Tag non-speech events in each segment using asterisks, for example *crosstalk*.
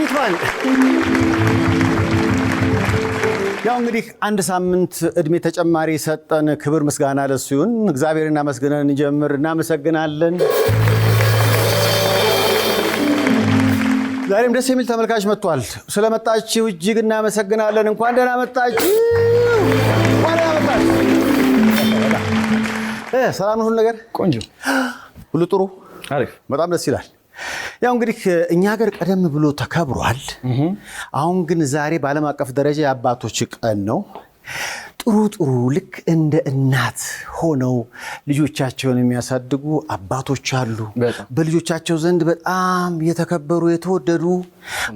ሪትዋን ያው እንግዲህ አንድ ሳምንት እድሜ ተጨማሪ ሰጠን። ክብር ምስጋና ለሱ ይሁን። እግዚአብሔር እናመስግነን እንጀምር። እናመሰግናለን። ዛሬም ደስ የሚል ተመልካች መጥቷል። ስለመጣችሁ እጅግ እናመሰግናለን። እንኳን ደህና መጣችሁ። ሰላም ሁሉ ነገር ቆንጆ፣ ሁሉ ጥሩ፣ አሪፍ። በጣም ደስ ይላል። ያው እንግዲህ እኛ ሀገር ቀደም ብሎ ተከብሯል። አሁን ግን ዛሬ በዓለም አቀፍ ደረጃ የአባቶች ቀን ነው። ጥሩ ጥሩ ልክ እንደ እናት ሆነው ልጆቻቸውን የሚያሳድጉ አባቶች አሉ። በልጆቻቸው ዘንድ በጣም የተከበሩ የተወደዱ፣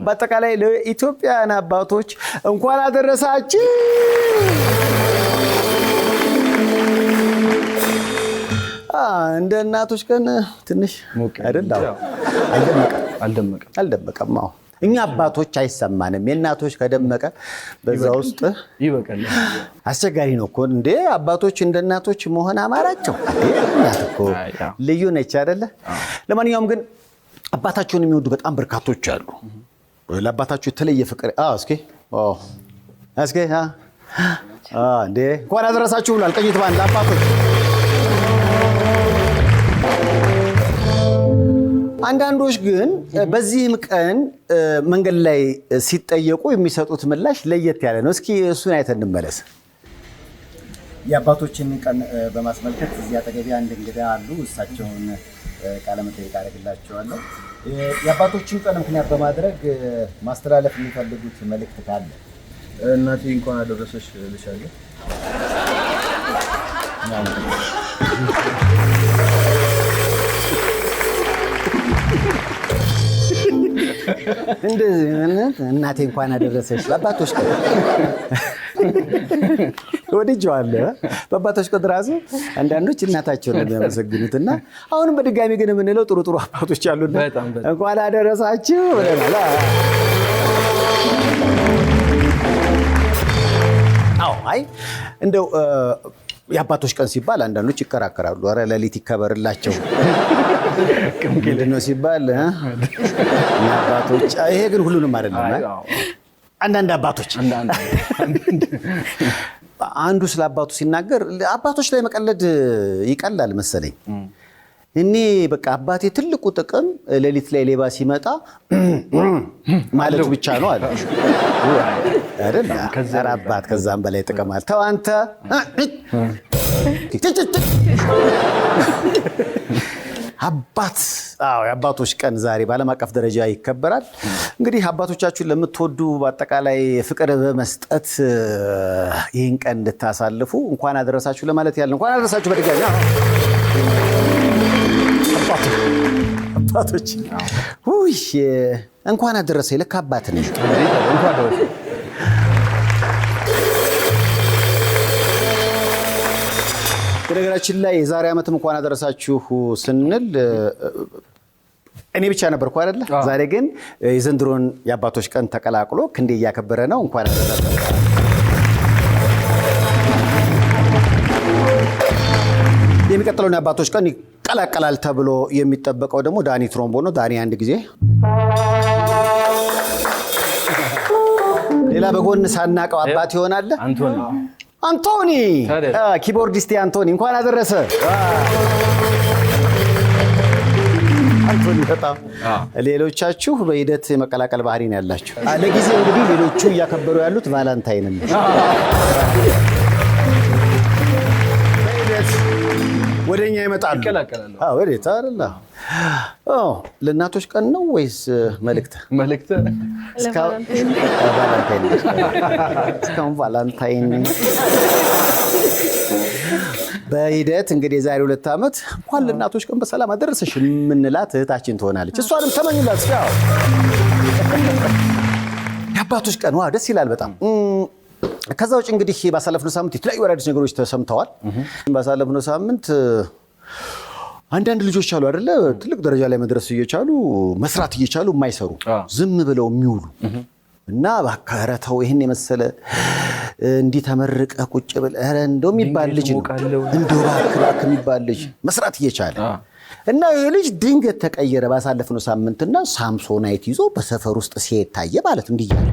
በአጠቃላይ ለኢትዮጵያውያን አባቶች እንኳን አደረሳችን። እንደ እናቶች ቀን ትንሽ አይደል? አልደመቀም አዎ እኛ አባቶች አይሰማንም። የእናቶች ከደመቀ በዛ ውስጥ ይበቃል። አስቸጋሪ ነው እኮ እንዴ! አባቶች እንደ እናቶች መሆን አማራቸው። እናት እኮ ልዩ ነች አይደለ? ለማንኛውም ግን አባታቸውን የሚወዱ በጣም በርካቶች አሉ። ለአባታቸው የተለየ ፍቅር እስኪ እስኪ እንዴ እንኳን አደረሳችሁ ብሏል። ቀኝት ባንድ ለአባቶች አንዳንዶች ግን በዚህም ቀን መንገድ ላይ ሲጠየቁ የሚሰጡት ምላሽ ለየት ያለ ነው። እስኪ እሱን አይተን እንመለስ። የአባቶችን ቀን በማስመልከት እዚህ አጠገቢ አንድ እንግዳ አሉ። እሳቸውን ቃለመጠይቅ አደርግላቸዋለሁ። የአባቶችን ቀን ምክንያት በማድረግ ማስተላለፍ የሚፈልጉት መልእክት ካለ እናቴ እንኳን አደረሰሽ ልሻለሁ። እንደዚህ እናቴ እንኳን አደረሰሽ። በአባቶች ቀ ወድጄዋለሁ። በአባቶች ቁጥር ራሱ አንዳንዶች እናታቸውን የሚያመሰግኑት እና አሁንም በድጋሚ ግን የምንለው ጥሩ ጥሩ አባቶች አሉ፣ እንኳን አደረሳችሁ ብለናል። አይ እንደው የአባቶች ቀን ሲባል አንዳንዶች ይከራከራሉ። ኧረ ሌሊት ይከበርላቸው ምንድን ነው ሲባል አባቶች፣ ይሄ ግን ሁሉንም አይደለም። አንዳንድ አባቶች አንዱ ስለ አባቱ ሲናገር አባቶች ላይ መቀለድ ይቀላል መሰለኝ። እኔ በቃ አባቴ ትልቁ ጥቅም ሌሊት ላይ ሌባ ሲመጣ ማለቱ ብቻ ነው አለ አይደል? ኧረ አባት ከዛም በላይ ጥቅም አለ። ተው አንተ አባት አዎ የአባቶች ቀን ዛሬ በዓለም አቀፍ ደረጃ ይከበራል። እንግዲህ አባቶቻችሁን ለምትወዱ በአጠቃላይ ፍቅር በመስጠት ይህን ቀን እንድታሳልፉ እንኳን አደረሳችሁ ለማለት ያለ እንኳን አደረሳችሁ። በድጋሚ አባቶች እንኳን አደረሰ። ልክ አባት ነኝ። በነገራችን ላይ የዛሬ ዓመትም እንኳን አደረሳችሁ ስንል እኔ ብቻ ነበርኩ አይደለ? ዛሬ ግን የዘንድሮን የአባቶች ቀን ተቀላቅሎ ክንዴ እያከበረ ነው። እንኳን አደረሰ። የሚቀጥለውን የአባቶች ቀን ይቀላቀላል ተብሎ የሚጠበቀው ደግሞ ዳኒ ትሮምቦ ነው። ዳኒ አንድ ጊዜ ሌላ በጎን ሳናቀው አባት ይሆናል። አንቶኒ ኪቦርዲስቴ አንቶኒ እንኳን አደረሰ። በጣም ሌሎቻችሁ በሂደት የመቀላቀል ባህሪ ነው ያላችሁ። ለጊዜው እንግዲህ ሌሎቹ እያከበሩ ያሉት ቫላንታይን ነው። ወደ እኛ ይመጣሉ። ወዴት አለ ለእናቶች ቀን ነው ወይስ መልእክት መልእክት? እስካሁን ቫላንታይን በሂደት እንግዲህ የዛሬ ሁለት ዓመት እንኳን ለእናቶች ቀን በሰላም አደረሰሽ የምንላት እህታችን ትሆናለች። እሷንም ተመኙላት። የአባቶች ቀን ደስ ይላል በጣም ከዛ ውጭ እንግዲህ ባሳለፍነው ሳምንት የተለያዩ አዳዲስ ነገሮች ተሰምተዋል። ባሳለፍነው ሳምንት አንዳንድ ልጆች አሉ አይደለ፣ ትልቅ ደረጃ ላይ መድረስ እየቻሉ መስራት እየቻሉ የማይሰሩ ዝም ብለው የሚውሉ እና እባክህ ኧረ ተው ይህን የመሰለ እንዲህ ተመርቀ ቁጭ ብለህ ኧረ እንደው የሚባል ልጅ ነው እንደው እባክህ እባክህ የሚባል ልጅ መስራት እየቻለ እና ይህ ልጅ ድንገት ተቀየረ ባሳለፍነው ሳምንትና ሳምሶናይት ይዞ በሰፈር ውስጥ ሲታየ ማለት እንዲህ እያለ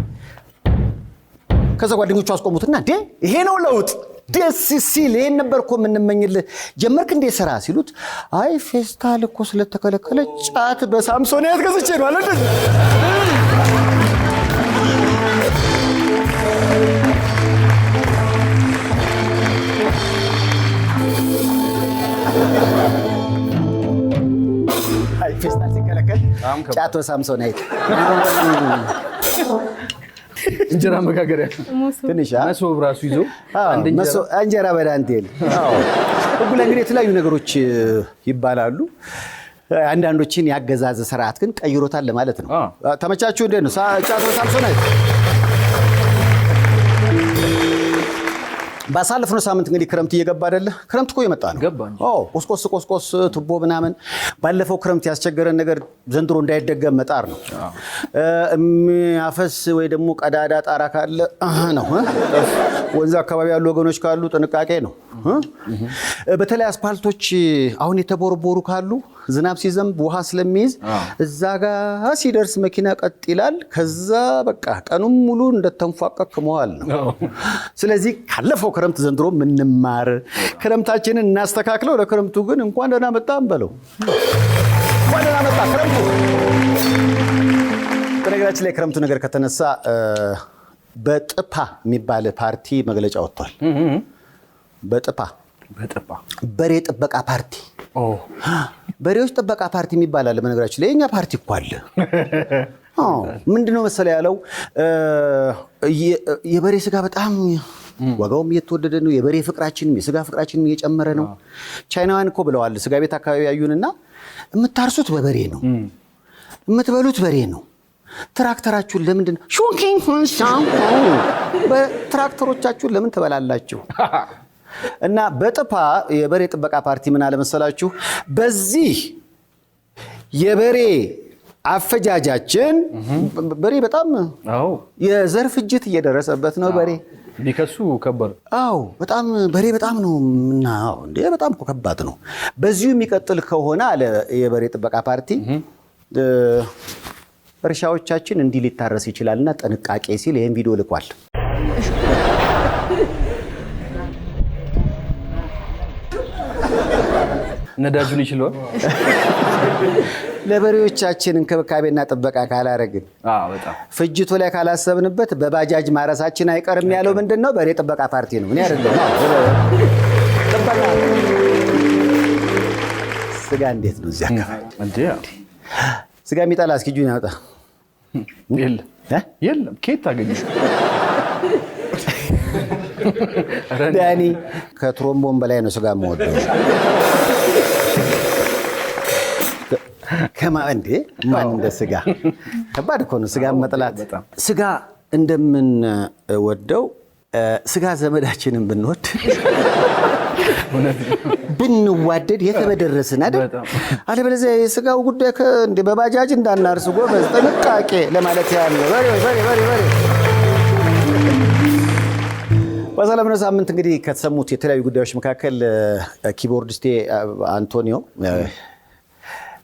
ከዛ ጓደኞቹ አስቆሙትና ዴ ይሄ ነው ለውጥ ደስ ሲል ይሄን ነበር እኮ የምንመኝልህ። ጀመርክ እንዴ ስራ ሲሉት አይ ፌስታል እኮ ስለተከለከለ ጫት በሳምሶንያት ገዝቼ ነው አለ። ፌስታል ሲከለከል አይት እንጀራ መጋገሪያ ትንሽ መሶብ ራሱ ይዞ እንጀራ በዳንቴል እጉላ እንግዲህ የተለያዩ ነገሮች ይባላሉ። አንዳንዶችን ያገዛዘ ስርዓት ግን ቀይሮታል ለማለት ነው። ተመቻችሁ? እንዴት ነው ጫት በሳምሶናይት ባሳለፍነው ሳምንት እንግዲህ ክረምት እየገባ አይደለ? ክረምት እኮ የመጣ ነው። አዎ ቆስቆስ ቆስቆስ ቱቦ ምናምን ባለፈው ክረምት ያስቸገረን ነገር ዘንድሮ እንዳይደገም መጣር ነው። የሚያፈስ ወይ ደግሞ ቀዳዳ ጣራ ካለ ነው። ወንዝ አካባቢ ያሉ ወገኖች ካሉ ጥንቃቄ ነው። በተለይ አስፓልቶች አሁን የተቦርቦሩ ካሉ ዝናብ ሲዘንብ ውሃ ስለሚይዝ እዛ ጋ ሲደርስ መኪና ቀጥ ይላል። ከዛ በቃ ቀኑም ሙሉ እንደተንፏቀቅ መዋል ነው። ስለዚህ ካለፈው ክረምት ዘንድሮ ምንማር ክረምታችንን እናስተካክለው። ለክረምቱ ግን እንኳን ደህና መጣ በለው። እንኳን ደህና መጣ ክረምቱ። በነገራችን ላይ ክረምቱ ነገር ከተነሳ በጥፓ የሚባል ፓርቲ መግለጫ ወጥቷል። በጥፓ በሬ ጥበቃ ፓርቲ በሬዎች ጥበቃ ፓርቲ የሚባል አለ። በነገራችን ላይ የኛ ፓርቲ እኮ አለ። *laughs* ምንድነው መሰለ ያለው የበሬ ስጋ በጣም ዋጋውም እየተወደደ ነው። የበሬ ፍቅራችንም የስጋ ፍቅራችንም እየጨመረ ነው። ቻይናውያን እኮ ብለዋል። ስጋ ቤት አካባቢ ያዩንና የምታርሱት በበሬ ነው፣ የምትበሉት በሬ ነው። ትራክተራችሁን ለምንድን ትራክተሮቻችሁን ለምን ትበላላችሁ? *laughs* እና በጥፓ የበሬ ጥበቃ ፓርቲ ምን አለመሰላችሁ፣ በዚህ የበሬ አፈጃጃችን በሬ በጣም የዘር ፍጅት እየደረሰበት ነው። በሬ ቢከሱ ከበር አዎ፣ በጣም በሬ በጣም ነው ምና እንደ በጣም ከባድ ነው። በዚሁ የሚቀጥል ከሆነ አለ የበሬ ጥበቃ ፓርቲ እርሻዎቻችን እንዲህ ሊታረስ ይችላልና ጥንቃቄ ሲል ይህን ቪዲዮ ልኳል። ነዳጁ ልጅ ይችላል። ለበሬዎቻችን እንክብካቤና ጥበቃ ካላረግን ፍጅቱ ላይ ካላሰብንበት በባጃጅ ማረሳችን አይቀርም። ያለው ምንድን ነው? በሬ ጥበቃ ፓርቲ ነው። እኔ አይደለም ስጋ እንዴት ነው? እዚያ ስጋ የሚጠላ እስኪ እጁን ያውጣ። የለም ኬት ታገኘ ዳኒ ከትሮምቦን በላይ ነው ስጋ የምወደው። ከማ እንዴ ማን እንደ ስጋ ከባድ እኮ ነው። ስጋ መጥላት ስጋ እንደምንወደው ስጋ ዘመዳችንን ብንወድ ብንዋደድ የተመደረስን አይደል? አለበለዚያ የስጋው ጉዳይ በባጃጅ እንዳናርስ ጎበዝ፣ ጥንቃቄ ለማለት ያህል በሰለምነ ሳምንት እንግዲህ ከተሰሙት የተለያዩ ጉዳዮች መካከል ኪቦርድስቴ አንቶኒዮ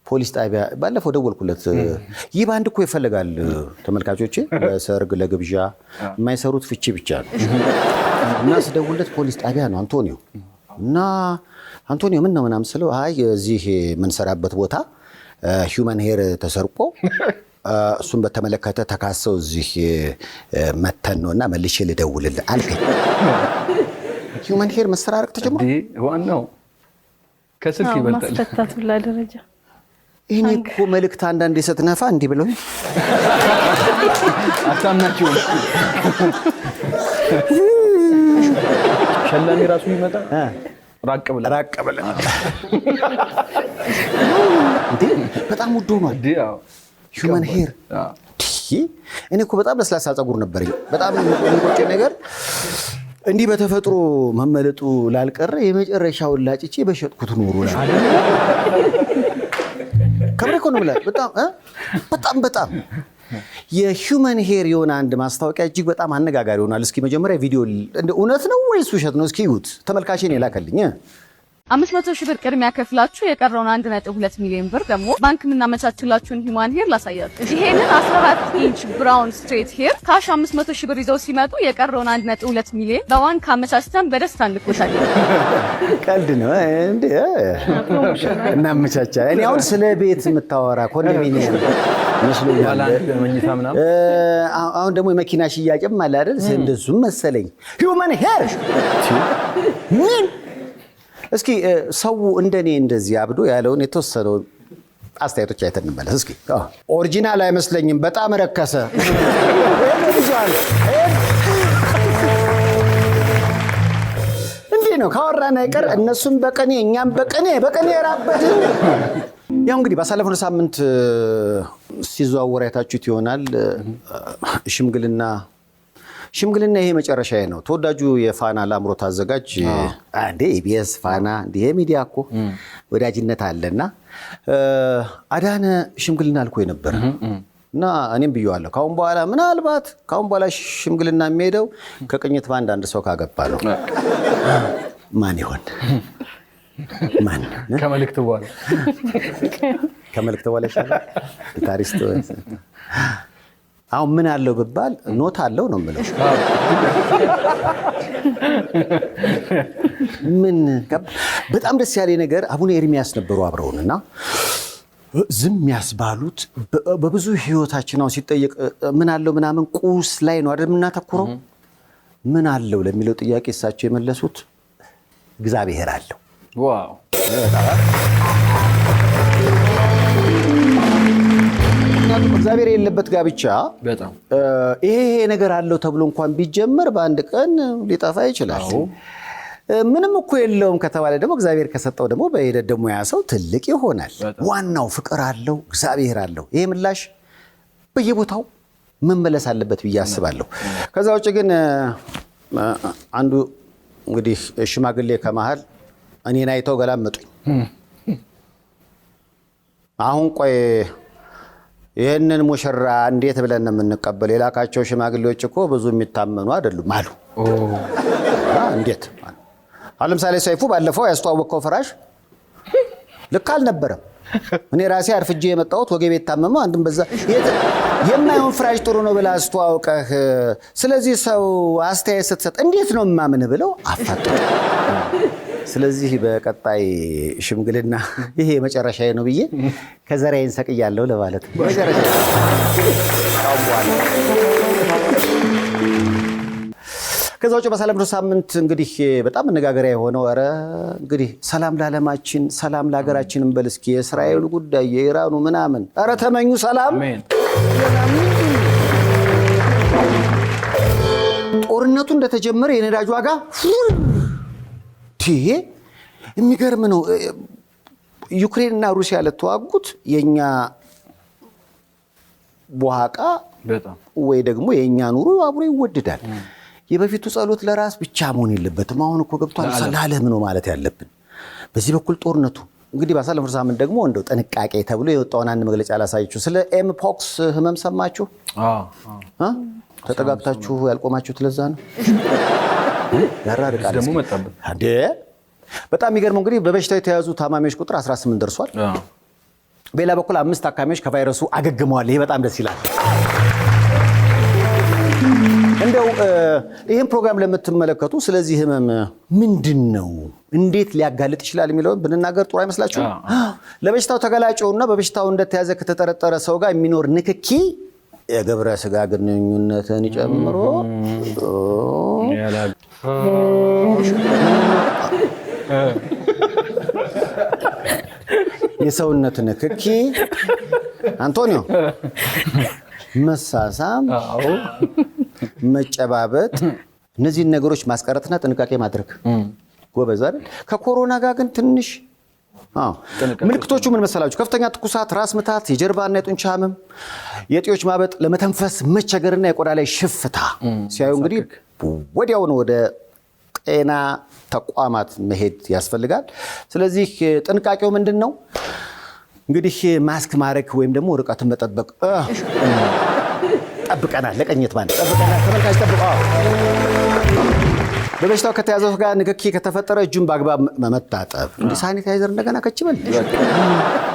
ፖሊስ ጣቢያ ባለፈው ደወልኩለት። ይህ በአንድ እኮ ይፈልጋል ተመልካቾቼ፣ ለሰርግ ለግብዣ የማይሰሩት ፍቺ ብቻ ነው እና ስደውልለት ፖሊስ ጣቢያ ነው አንቶኒዮ እና አንቶኒዮ ምን ነው ምናምን ስለው አይ እዚህ የምንሰራበት ቦታ ሂውማን ሄር ተሰርቆ እሱን በተመለከተ ተካሰው እዚህ መተን ነው እና መልሼ ልደውልል አልከኝ። ሂውማን ሄር መሰራረቅ ተጀምሮ ዋናው ከስልክ ይበልጣል ማስፈታቱላ ደረጃ ይህን እኮ መልእክት አንዳንድ ነፋ እንዲህ ብለው አታምናቸው ሸላሚ ራሱ ይመጣል። ራቅ ብለህ ራቅ ብለህ በጣም ውድ ሆኗል። ሁመን ሄር እኔ እኮ በጣም ለስላሳ ፀጉር ነበር በጣም የሚቆጭ ነገር እንዲህ በተፈጥሮ መመለጡ ላልቀረ የመጨረሻውን ላጭቼ በሸጥኩት ኖሩ ከምሬ እኮ ነው ብለህ በጣም በጣም በጣም የሂውመን ሄር የሆነ አንድ ማስታወቂያ እጅግ በጣም አነጋጋሪ ይሆናል። እስኪ መጀመሪያ ቪዲዮ እውነት ነው ወይስ ውሸት ነው? እስኪ ይዩት። ተመልካቼን የላከልኝ አምስት መቶ ሺህ ብር ቅድሚያ ከፍላችሁ የቀረውን አንድ ነጥብ ሁለት ሚሊዮን ብር ደግሞ ባንክ የምናመቻችላችሁን ሂማን ሄር ላሳያችሁ። ይሄንን አስራ አራት ኢንች ብራውን ስትሬት ሄር ካሽ አምስት መቶ ሺህ ብር ይዘው ሲመጡ የቀረውን አንድ ነጥብ ሁለት ሚሊዮን በባንክ አመቻችተን በደስታ እንልኮሻለን። ቀልድ ነው እንዲ እናመቻቻ። እኔ አሁን ስለ ቤት የምታወራ ኮንዶሚኒየም አሁን ደግሞ የመኪና ሽያጭም አለ አይደል? እንደሱም መሰለኝ ሂማን ሄር ምን እስኪ ሰው እንደኔ እንደዚህ አብዶ ያለውን የተወሰነውን አስተያየቶች አይተን እንመለስ። እስኪ ኦሪጂናል አይመስለኝም፣ በጣም ረከሰ። እንዲህ ነው ካወራን አይቀር እነሱም በቀኔ እኛም በቀኔ በቀኔ ራበድን። ያው እንግዲህ ባሳለፍነው ሳምንት ሲዘዋወር አይታችሁት ይሆናል ሽምግልና ሽምግልና ይሄ መጨረሻ ነው። ተወዳጁ የፋና ላምሮት አዘጋጅ እንዴ ኢቢኤስ ፋና እንዲህ የሚዲያ እኮ ወዳጅነት አለና አዳነ ሽምግልና አልኮ የነበረ እና እኔም ብየዋለሁ። ካሁን በኋላ ምናልባት ካሁን በኋላ ሽምግልና የሚሄደው ከቅኝት በአንድ አንድ ሰው ካገባ ነው። ማን ይሆን ማን በኋላ ከመልክት በኋላ ይሻላል። አሁን ምን አለው ብባል ኖት አለው ነው የምለው። ምን በጣም ደስ ያለ ነገር አቡነ ኤርሚያስ ነበሩ አብረውን እና ዝም ያስባሉት በብዙ ህይወታችን አሁን ሲጠየቅ ምን አለው ምናምን ቁስ ላይ ነው አይደል የምናተኩረው። ምን አለው ለሚለው ጥያቄ እሳቸው የመለሱት እግዚአብሔር አለው። ምክንያቱም እግዚአብሔር የሌለበት ጋብቻ ይሄ ይሄ ነገር አለው ተብሎ እንኳን ቢጀመር በአንድ ቀን ሊጠፋ ይችላል። ምንም እኮ የለውም ከተባለ ደግሞ እግዚአብሔር ከሰጠው ደግሞ በሂደት ደግሞ ያ ሰው ትልቅ ይሆናል። ዋናው ፍቅር አለው፣ እግዚአብሔር አለው። ይሄ ምላሽ በየቦታው መመለስ አለበት ብዬ አስባለሁ። ከዛ ውጭ ግን አንዱ እንግዲህ ሽማግሌ ከመሃል እኔን አይተው ገላመጡኝ። አሁን ቆይ ይህንን ሙሽራ እንዴት ብለን ነው የምንቀበል? የላካቸው ሽማግሌዎች እኮ ብዙ የሚታመኑ አይደሉም አሉ። እንዴት አሁን ለምሳሌ ሰይፉ ባለፈው ያስተዋወቀው ፍራሽ ልክ አልነበረም። እኔ ራሴ አርፍጄ የመጣሁት ቤት የታመመው አንድም በዛ የማይሆን ፍራሽ ጥሩ ነው ብለህ አስተዋውቀህ፣ ስለዚህ ሰው አስተያየት ስትሰጥ እንዴት ነው የማምን ብለው አፋጠ ስለዚህ በቀጣይ ሽምግልና *laughs* ይሄ የመጨረሻዬ ነው ብዬ ከዘራዬን ሰቅያለሁ ለማለት ነው። መጨረሻ ከዛ ውጭ ባሳለፍነው ሳምንት እንግዲህ በጣም መነጋገሪያ የሆነው ረ እንግዲህ ሰላም ለዓለማችን ሰላም ለሀገራችን እንበል እስኪ። የእስራኤሉ ጉዳይ የኢራኑ ምናምን ረ ተመኙ ሰላም። ጦርነቱ እንደተጀመረ የነዳጅ ዋጋ የሚገርም ነው። ዩክሬን እና ሩሲያ ለተዋጉት የእኛ በኋቃ ወይ ደግሞ የእኛ ኑሮ አብሮ ይወድዳል። የበፊቱ ጸሎት ለራስ ብቻ መሆን የለበትም። አሁን እኮ ገብቷል። ለዓለም ነው ማለት ያለብን። በዚህ በኩል ጦርነቱ እንግዲህ ባሳለፍነው ሳምንት ደግሞ እንደው ጥንቃቄ ተብሎ የወጣውን አንድ መግለጫ አላሳየችሁ። ስለ ኤምፖክስ ህመም ሰማችሁ? ተጠጋግታችሁ ያልቆማችሁት ለዛ ነው። ያራርቃል። በጣም የሚገርመው እንግዲህ በበሽታው የተያዙ ታማሚዎች ቁጥር 18 ደርሷል። በሌላ በኩል አምስት ታካሚዎች ከቫይረሱ አገግመዋል። ይሄ በጣም ደስ ይላል። እንደው ይህን ፕሮግራም ለምትመለከቱ ስለዚህ ህመም ምንድን ነው፣ እንዴት ሊያጋልጥ ይችላል የሚለውን ብንናገር ጥሩ አይመስላችሁም? ለበሽታው ተገላጭ እና በበሽታው እንደተያዘ ከተጠረጠረ ሰው ጋር የሚኖር ንክኪ የግብረ ስጋ ግንኙነትን ጨምሮ የሰውነት ንክኪ፣ አንቶኒዮ፣ መሳሳም፣ መጨባበጥ እነዚህን ነገሮች ማስቀረትና ጥንቃቄ ማድረግ ጎበዝ አይደል? ከኮሮና ጋር ግን ትንሽ ምልክቶቹ ምን መሰላችሁ? ከፍተኛ ትኩሳት፣ ራስ ምታት፣ የጀርባና የጡንቻ ህመም፣ የጤዎች ማበጥ፣ ለመተንፈስ መቸገርና የቆዳ ላይ ሽፍታ ሲያዩ እንግዲህ ወዲያውን ወደ ጤና ተቋማት መሄድ ያስፈልጋል። ስለዚህ ጥንቃቄው ምንድን ነው? እንግዲህ ማስክ ማድረግ ወይም ደግሞ ርቀትን መጠበቅ ጠብቀናል። ለቀኘት ማለት ጠብቀናል። ተመልካች ጠብቀዋል። በበሽታው ከተያዘ ጋር ንክኪ ከተፈጠረ እጁን በአግባብ መታጠብ፣ እንዲህ ሳኒታይዘር እንደገና ከችበል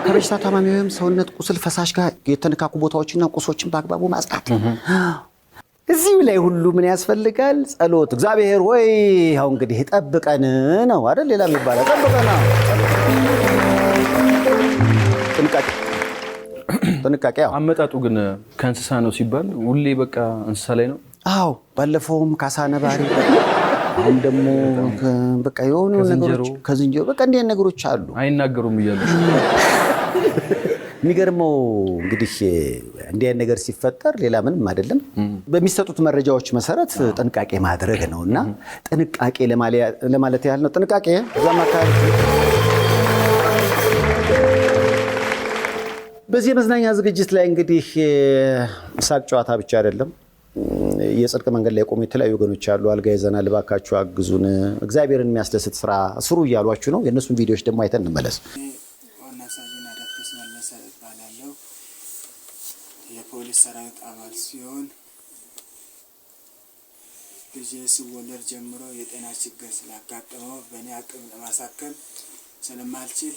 ከበሽታ ታማሚ ወይም ሰውነት ቁስል ፈሳሽ ጋር የተነካኩ ቦታዎችና ቁሶችን በአግባቡ ማጽዳት። እዚሁ ላይ ሁሉ ምን ያስፈልጋል? ጸሎት። እግዚአብሔር ሆይ ያው እንግዲህ ጠብቀን ነው አይደል? ሌላ የሚባለው ጠብቀን ጥንቃቄ ጥንቃቄ። አመጣጡ ግን ከእንስሳ ነው ሲባል ሁሌ በቃ እንስሳ ላይ ነው። አዎ ባለፈውም ካሳ ነባሪ አሁን ደግሞ በቃ የሆኑ ነገሮች ከዝንጀሮ በቃ እንዲህ ነገሮች አሉ። አይናገሩም እያሉ የሚገርመው እንግዲህ እንዲህ አይነት ነገር ሲፈጠር ሌላ ምንም አይደለም፣ በሚሰጡት መረጃዎች መሰረት ጥንቃቄ ማድረግ ነው። እና ጥንቃቄ ለማለት ያህል ነው። ጥንቃቄ እዛም አካባቢ በዚህ የመዝናኛ ዝግጅት ላይ እንግዲህ ሳቅ ጨዋታ ብቻ አይደለም። የጽድቅ መንገድ ላይ የቆሙ የተለያዩ ወገኖች አሉ። አልጋ ይዘናል፣ እባካችሁ አግዙን፣ እግዚአብሔርን የሚያስደስት ስራ ስሩ እያሏችሁ ነው። የእነሱን ቪዲዮዎች ደግሞ አይተን እንመለስ። የፖሊስ ሰራዊት አባል ሲሆን ልጄ ጀምሮ የጤና ችግር ስላጋጠመው በእኔ አቅም ለማሳከም ስለማልችል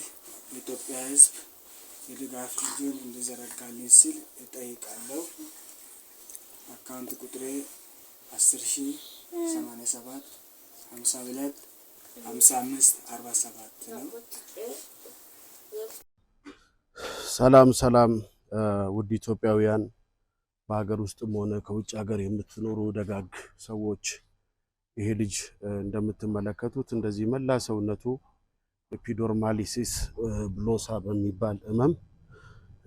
የኢትዮጵያ ሕዝብ የድጋፍ እጁን እንዲዘረጋልኝ ሲል እጠይቃለሁ። አካውንት ቁጥሬ አስር ሺ ሰማንያ ሰባት ሀምሳ ሁለት ሀምሳ አምስት አርባ ሰባት ነው። ሰላም ሰላም ውድ ኢትዮጵያውያን በሀገር ውስጥም ሆነ ከውጭ ሀገር የምትኖሩ ደጋግ ሰዎች ይሄ ልጅ እንደምትመለከቱት እንደዚህ መላ ሰውነቱ ኤፒዶርማሊሲስ ብሎሳ በሚባል ህመም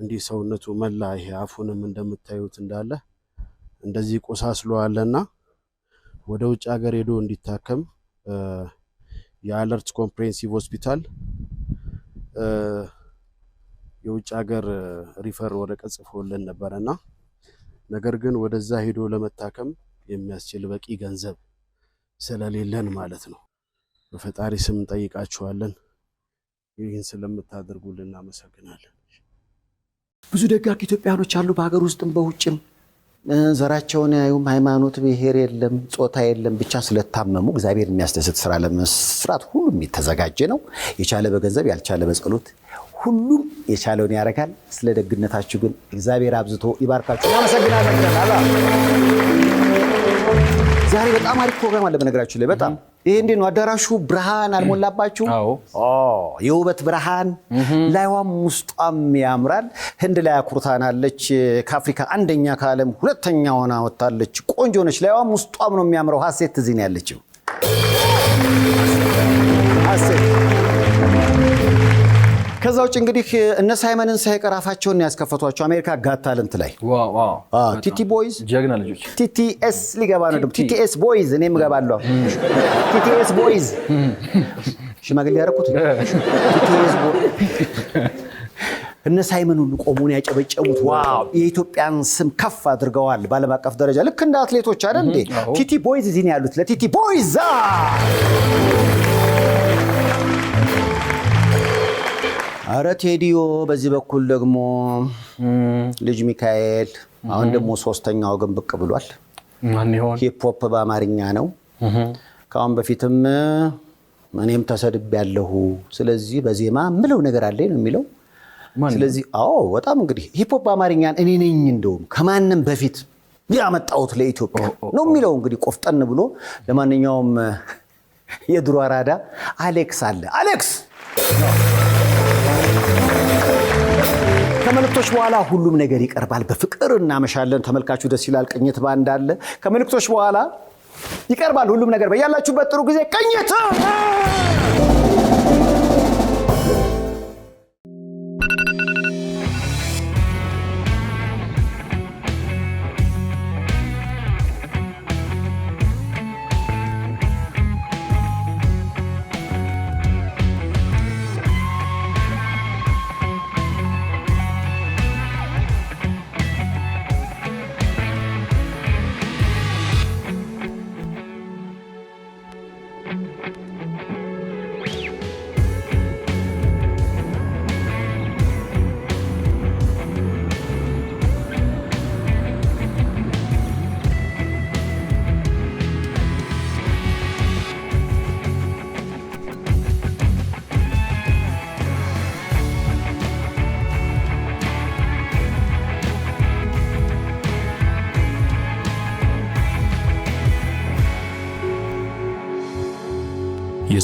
እንዲህ ሰውነቱ መላ ይሄ አፉንም እንደምታዩት እንዳለ እንደዚህ ቆሳስሏልና ወደ ውጭ ሀገር ሄዶ እንዲታከም የአለርት ኮምፕሬሄንሲቭ ሆስፒታል የውጭ ሀገር ሪፈር ወረቀት ጽፎልን ነበረና ነገር ግን ወደዛ ሄዶ ለመታከም የሚያስችል በቂ ገንዘብ ስለሌለን ማለት ነው። በፈጣሪ ስም እንጠይቃችኋለን። ይህን ስለምታደርጉልን እናመሰግናለን። ብዙ ደጋግ ኢትዮጵያኖች አሉ በሀገር ውስጥም በውጭም ዘራቸውን ያዩም፣ ሃይማኖት፣ ብሔር የለም፣ ጾታ የለም። ብቻ ስለታመሙ እግዚአብሔር የሚያስደስት ስራ ለመስራት ሁሉም የተዘጋጀ ነው። የቻለ በገንዘብ ያልቻለ በጸሎት ሁሉም የቻለውን ያደርጋል። ስለ ደግነታችሁ ግን እግዚአብሔር አብዝቶ ይባርካችሁ። እናመሰግናለን። ዛሬ በጣም አሪፍ ፕሮግራም አለ በነገራችሁ ላይ በጣም ይሄ እንዴት ነው? አዳራሹ ብርሃን አልሞላባችሁ? የውበት ብርሃን ላይዋም ውስጧም ያምራል። ህንድ ላይ አኩርታናለች። ከአፍሪካ አንደኛ ከዓለም ሁለተኛ ሆና ወጣለች። ቆንጆ ነች። ላይዋም ውስጧም ነው የሚያምረው። ሀሴት እዚህ ነው ያለችው። ሀሴት ከዛ ውጭ እንግዲህ እነ ሳይመንን ሳይቀር አፋቸውን ያስከፈቷቸው አሜሪካ ጋት ታለንት ላይ ቲቲ ቦይዝ ጀግና ልጆች ቲቲኤስ ሊገባ ነው ደግሞ ቲቲኤስ ቦይዝ እኔም እገባለሁ። ቲቲኤስ ቦይዝ ሽማግሌ ያደረኩት እነ ሳይመን ሁሉ ቆሙን ያጨበጨቡት ዋው! የኢትዮጵያን ስም ከፍ አድርገዋል በዓለም አቀፍ ደረጃ ልክ እንደ አትሌቶች አይደል እንዴ? ቲቲ ቦይዝ እዚህ ነው ያሉት። ለቲቲ ቦይዝ አረ ቴዲዮ በዚህ በኩል ደግሞ ልጅ ሚካኤል አሁን ደግሞ ሶስተኛው ግን ብቅ ብሏል። ሂፕሆፕ በአማርኛ ነው። ከአሁን በፊትም እኔም ተሰድብ ያለሁ ስለዚህ በዜማ ምለው ነገር አለኝ ነው የሚለው። ስለዚህ አዎ በጣም እንግዲህ ሂፕሆፕ በአማርኛን እኔ ነኝ እንደውም ከማንም በፊት ያመጣሁት ለኢትዮጵያ ነው የሚለው እንግዲህ ቆፍጠን ብሎ። ለማንኛውም የድሮ አራዳ አሌክስ አለ አሌክስ ከመልእክቶች በኋላ ሁሉም ነገር ይቀርባል። በፍቅር እናመሻለን። ተመልካቹ ደስ ይላል። ቅኝት ባንድ አለ። ከመልእክቶች በኋላ ይቀርባል ሁሉም ነገር። በያላችሁበት ጥሩ ጊዜ። ቅኝት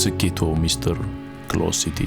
የስኬቶ ሚስጥር ክሎዝ ሲቲ